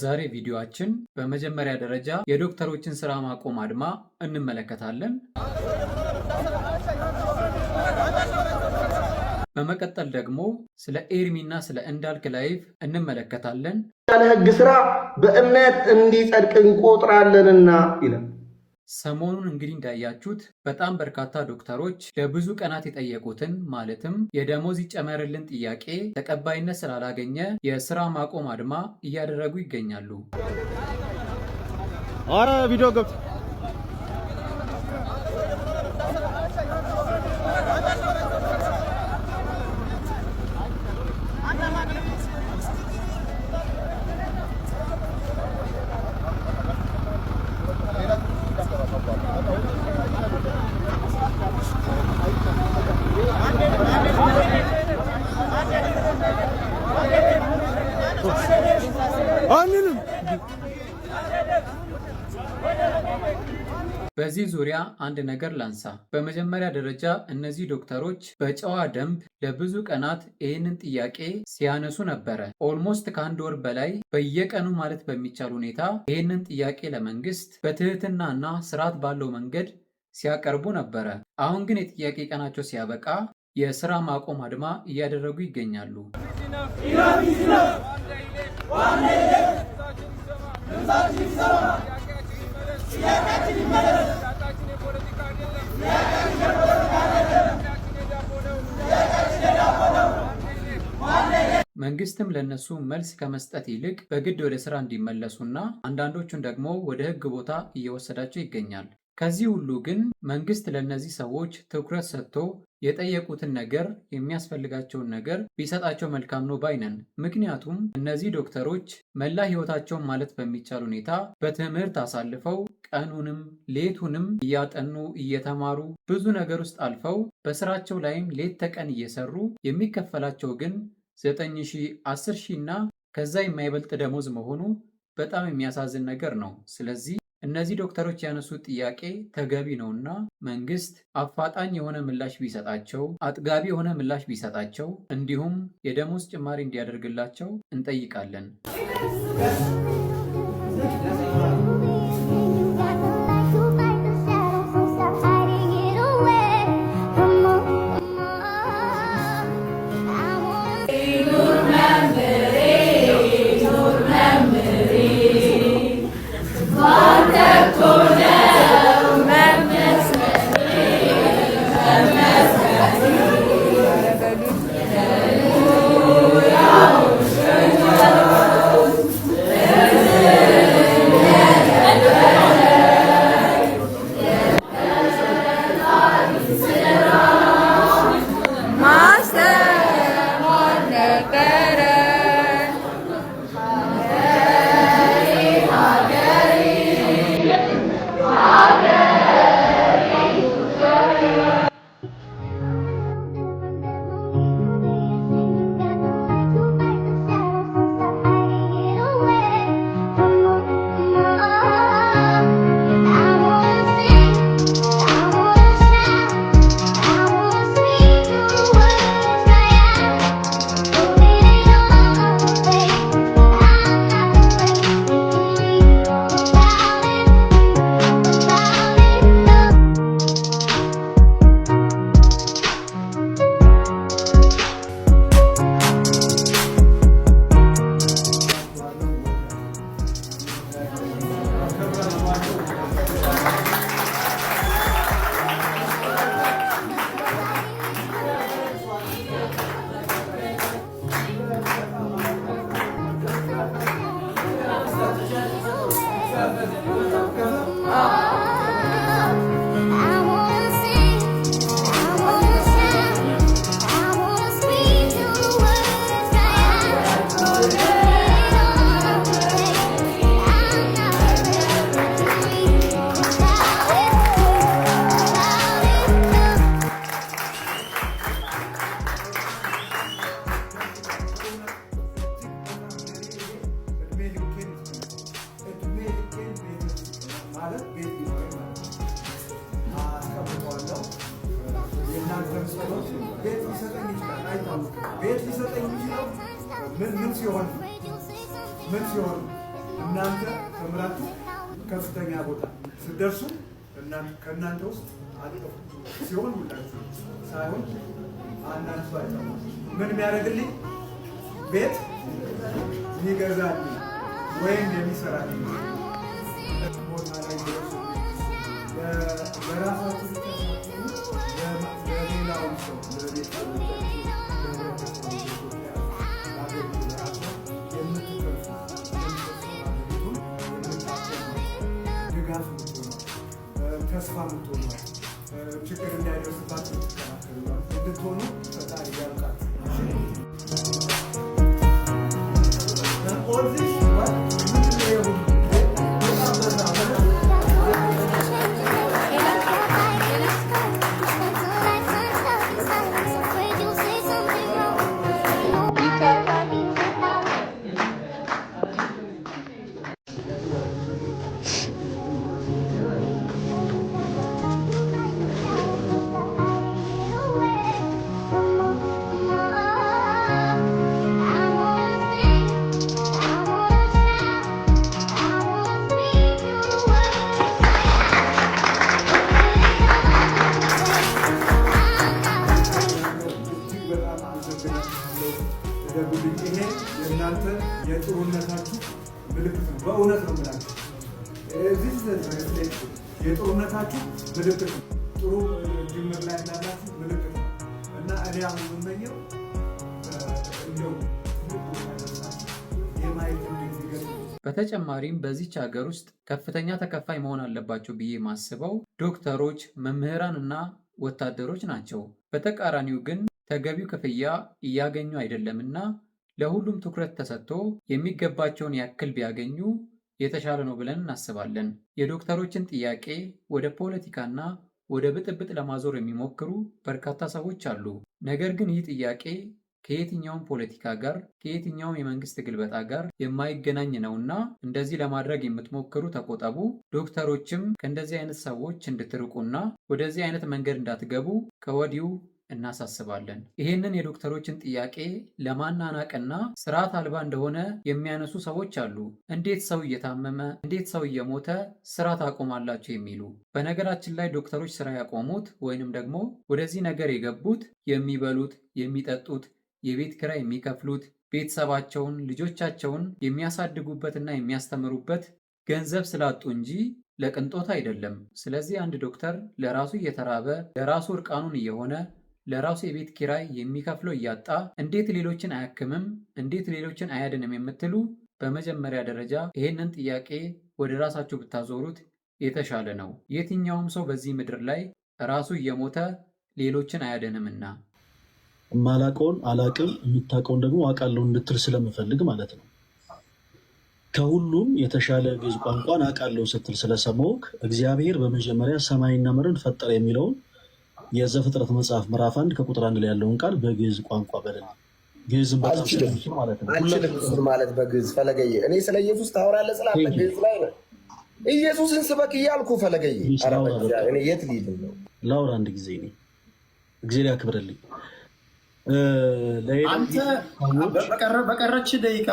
በዛሬ ቪዲዮአችን በመጀመሪያ ደረጃ የዶክተሮችን ስራ ማቆም አድማ እንመለከታለን። በመቀጠል ደግሞ ስለ ኤርሚና ስለ እንዳልክ ላይፍ እንመለከታለን። ያለ ህግ ስራ በእምነት እንዲጸድቅ እንቆጥራለንና ይላል። ሰሞኑን እንግዲህ እንዳያችሁት በጣም በርካታ ዶክተሮች ለብዙ ቀናት የጠየቁትን ማለትም የደሞዝ ይጨመርልን ጥያቄ ተቀባይነት ስላላገኘ የስራ ማቆም አድማ እያደረጉ ይገኛሉ። አረ ቪዲዮ ገብቶ አንልም። በዚህ ዙሪያ አንድ ነገር ላንሳ። በመጀመሪያ ደረጃ እነዚህ ዶክተሮች በጨዋ ደንብ ለብዙ ቀናት ይህንን ጥያቄ ሲያነሱ ነበረ። ኦልሞስት ከአንድ ወር በላይ በየቀኑ ማለት በሚቻል ሁኔታ ይህንን ጥያቄ ለመንግስት በትህትናና ስርዓት ባለው መንገድ ሲያቀርቡ ነበረ። አሁን ግን የጥያቄ ቀናቸው ሲያበቃ የስራ ማቆም አድማ እያደረጉ ይገኛሉ። መንግስትም ለነሱ መልስ ከመስጠት ይልቅ በግድ ወደ ስራ እንዲመለሱና አንዳንዶቹን ደግሞ ወደ ህግ ቦታ እየወሰዳቸው ይገኛል። ከዚህ ሁሉ ግን መንግስት ለእነዚህ ሰዎች ትኩረት ሰጥቶ የጠየቁትን ነገር የሚያስፈልጋቸውን ነገር ቢሰጣቸው መልካም ነው ባይ ነን። ምክንያቱም እነዚህ ዶክተሮች መላ ሕይወታቸውን ማለት በሚቻል ሁኔታ በትምህርት አሳልፈው ቀኑንም ሌቱንም እያጠኑ እየተማሩ ብዙ ነገር ውስጥ አልፈው በስራቸው ላይም ሌት ተቀን እየሰሩ የሚከፈላቸው ግን ዘጠኝ ሺህ ሺህ እና ከዛ የማይበልጥ ደሞዝ መሆኑ በጣም የሚያሳዝን ነገር ነው። ስለዚህ እነዚህ ዶክተሮች ያነሱት ጥያቄ ተገቢ ነውና መንግስት አፋጣኝ የሆነ ምላሽ ቢሰጣቸው፣ አጥጋቢ የሆነ ምላሽ ቢሰጣቸው፣ እንዲሁም የደሞዝ ጭማሪ እንዲያደርግላቸው እንጠይቃለን። ቤት ሊሰጠኝ ይችላል። አይታወቅም። ቤት ሊሰጠኝ የሚችለው ምን ምን ሲሆን ምን ሲሆን እናንተ ተምራችሁ ከፍተኛ ቦታ ስደርሱ ከእናንተ ውስጥ አጠፉ ሲሆን ሁላችሁ ሳይሆን አንዳንድ ሰው አይጠፉ ምን የሚያደርግልኝ ቤት ይገዛልኝ ወይም የሚሰራልኝ ቦታ ላይ ለራሳችሁ ተስፋ የምትሆኑ ችግር እንዳይደርስባችሁ እንድትሆኑ ፈጣሪ ያብቃችሁ። የጥሩነታችሁ ምልክት ነው። ጥሩ ጅምር ላይ እንዳላችሁ ምልክት ነው እና እኔ አሁን የምመኘው እንደው በተጨማሪም በዚች ሀገር ውስጥ ከፍተኛ ተከፋይ መሆን አለባቸው ብዬ ማስበው ዶክተሮች፣ መምህራን እና ወታደሮች ናቸው። በተቃራኒው ግን ተገቢው ክፍያ እያገኙ አይደለምና ለሁሉም ትኩረት ተሰጥቶ የሚገባቸውን ያክል ቢያገኙ የተሻለ ነው ብለን እናስባለን። የዶክተሮችን ጥያቄ ወደ ፖለቲካና ወደ ብጥብጥ ለማዞር የሚሞክሩ በርካታ ሰዎች አሉ። ነገር ግን ይህ ጥያቄ ከየትኛውም ፖለቲካ ጋር ከየትኛውም የመንግስት ግልበጣ ጋር የማይገናኝ ነውና እንደዚህ ለማድረግ የምትሞክሩ ተቆጠቡ። ዶክተሮችም ከእንደዚህ አይነት ሰዎች እንድትርቁና ወደዚህ አይነት መንገድ እንዳትገቡ ከወዲሁ እናሳስባለን። ይህንን የዶክተሮችን ጥያቄ ለማናናቅና ስርዓት አልባ እንደሆነ የሚያነሱ ሰዎች አሉ። እንዴት ሰው እየታመመ እንዴት ሰው እየሞተ ስራ ታቆማላችሁ የሚሉ። በነገራችን ላይ ዶክተሮች ስራ ያቆሙት ወይንም ደግሞ ወደዚህ ነገር የገቡት የሚበሉት፣ የሚጠጡት፣ የቤት ኪራይ የሚከፍሉት፣ ቤተሰባቸውን፣ ልጆቻቸውን የሚያሳድጉበትና የሚያስተምሩበት ገንዘብ ስላጡ እንጂ ለቅንጦት አይደለም። ስለዚህ አንድ ዶክተር ለራሱ እየተራበ ለራሱ እርቃኑን እየሆነ ለራሱ የቤት ኪራይ የሚከፍለው እያጣ እንዴት ሌሎችን አያክምም፣ እንዴት ሌሎችን አያድንም የምትሉ በመጀመሪያ ደረጃ ይህንን ጥያቄ ወደ ራሳችሁ ብታዞሩት የተሻለ ነው። የትኛውም ሰው በዚህ ምድር ላይ ራሱ እየሞተ ሌሎችን አያደንምና ማላቀውን አላቅም የምታውቀውን ደግሞ አውቃለሁ እንድትል ስለምፈልግ ማለት ነው። ከሁሉም የተሻለ ግዕዝ ቋንቋን አውቃለሁ ስትል ስለሰማሁህ እግዚአብሔር በመጀመሪያ ሰማይና ምድርን ፈጠረ የሚለውን የዘፍጥረት መጽሐፍ ምዕራፍ አንድ ከቁጥር አንድ ላይ ያለውን ቃል በግዕዝ ቋንቋ በልን። ግዕዝም አልችልም ማለት በግዕዝ ፈለገዬ። እኔ ስለ ኢየሱስ ታወራለህ ስላለ ግዕዝ ላይ ነው። ኢየሱስን ስበክ እያልኩ ፈለገዬ። ኧረ እኔ የት ሊል ነው? ላውራ አንድ ጊዜ እኔ እግዚአብሔር ያክብርልኝ። በቀረች ደቂቃ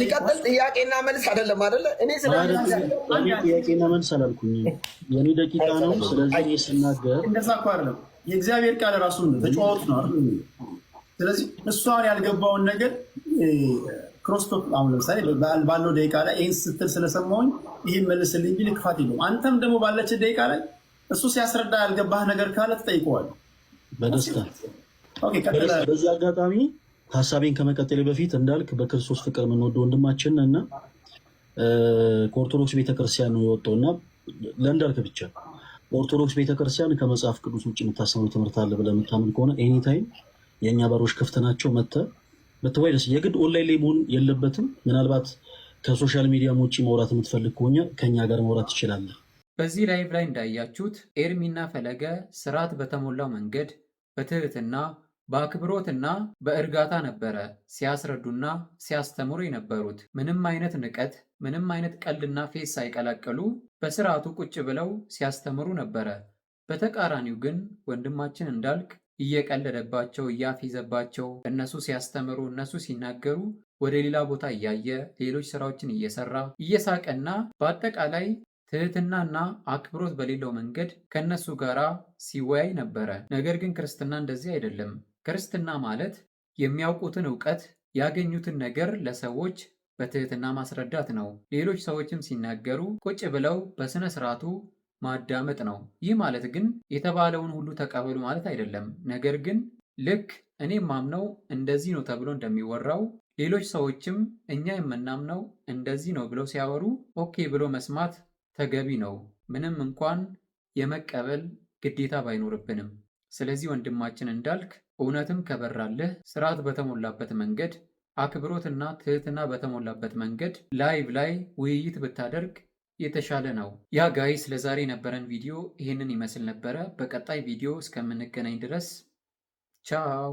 ሊቀጥል ጥያቄና መልስ አይደለም አይደለ? እኔ ጥያቄና መልስ አላልኩኝ። የኔ ደቂቃ ነው። ስለዚህ ስናገር እንደዛ እኮ አይደለም። የእግዚአብሔር ቃል ራሱ ተጫዋወት ነው። ስለዚህ እሷን ያልገባውን ነገር ክሮስቶፕ አሁን ለምሳሌ ባለው ደቂቃ ላይ ይህን ስትል ስለሰማውኝ ይህን መልስልኝ ቢል ክፋት የለውም። አንተም ደግሞ ባለች ደቂቃ ላይ እሱ ሲያስረዳ ያልገባህ ነገር ካለ ትጠይቀዋለህ በደስታ በዚህ አጋጣሚ ሀሳቤን ከመቀጠል በፊት እንዳልክ በክርስቶስ ፍቅር የምንወደ ወንድማችን እና ከኦርቶዶክስ ቤተክርስቲያን ነው የወጣው እና ለእንዳልክ ብቻ ኦርቶዶክስ ቤተክርስቲያን ከመጽሐፍ ቅዱስ ውጭ የምታሰሙ ትምህርት አለ ብለህ የምታምን ከሆነ ኤኒታይም የእኛ በሮች ክፍት ናቸው። መተ ብትወያይ የግድ ኦንላይን ላይ መሆን የለበትም። ምናልባት ከሶሻል ሚዲያም ውጭ መውራት የምትፈልግ ከሆነ ከእኛ ጋር መውራት ትችላለህ። በዚህ ላይቭ ላይ እንዳያችሁት ኤርሚና ፈለገ ስርዓት በተሞላው መንገድ በትህትና በአክብሮትና በእርጋታ ነበረ ሲያስረዱና ሲያስተምሩ የነበሩት። ምንም አይነት ንቀት፣ ምንም አይነት ቀልድና ፌዝ ሳይቀላቀሉ በስርዓቱ ቁጭ ብለው ሲያስተምሩ ነበረ። በተቃራኒው ግን ወንድማችን እንዳልክ እየቀለደባቸው እያፌዘባቸው፣ እነሱ ሲያስተምሩ እነሱ ሲናገሩ ወደ ሌላ ቦታ እያየ ሌሎች ስራዎችን እየሰራ እየሳቀና በአጠቃላይ ትህትናና አክብሮት በሌለው መንገድ ከእነሱ ጋር ሲወያይ ነበረ። ነገር ግን ክርስትና እንደዚህ አይደለም። ክርስትና ማለት የሚያውቁትን እውቀት ያገኙትን ነገር ለሰዎች በትህትና ማስረዳት ነው። ሌሎች ሰዎችም ሲናገሩ ቁጭ ብለው በሥነ ሥርዓቱ ማዳመጥ ነው። ይህ ማለት ግን የተባለውን ሁሉ ተቀበሉ ማለት አይደለም። ነገር ግን ልክ እኔ ማምነው እንደዚህ ነው ተብሎ እንደሚወራው ሌሎች ሰዎችም እኛ የምናምነው እንደዚህ ነው ብለው ሲያወሩ ኦኬ ብሎ መስማት ተገቢ ነው፣ ምንም እንኳን የመቀበል ግዴታ ባይኖርብንም። ስለዚህ ወንድማችን እንዳልክ እውነትም ከበራልህ ስርዓት በተሞላበት መንገድ አክብሮትና ትህትና በተሞላበት መንገድ ላይቭ ላይ ውይይት ብታደርግ የተሻለ ነው። ያ ጋይስ ለዛሬ የነበረን ቪዲዮ ይህንን ይመስል ነበረ። በቀጣይ ቪዲዮ እስከምንገናኝ ድረስ ቻው።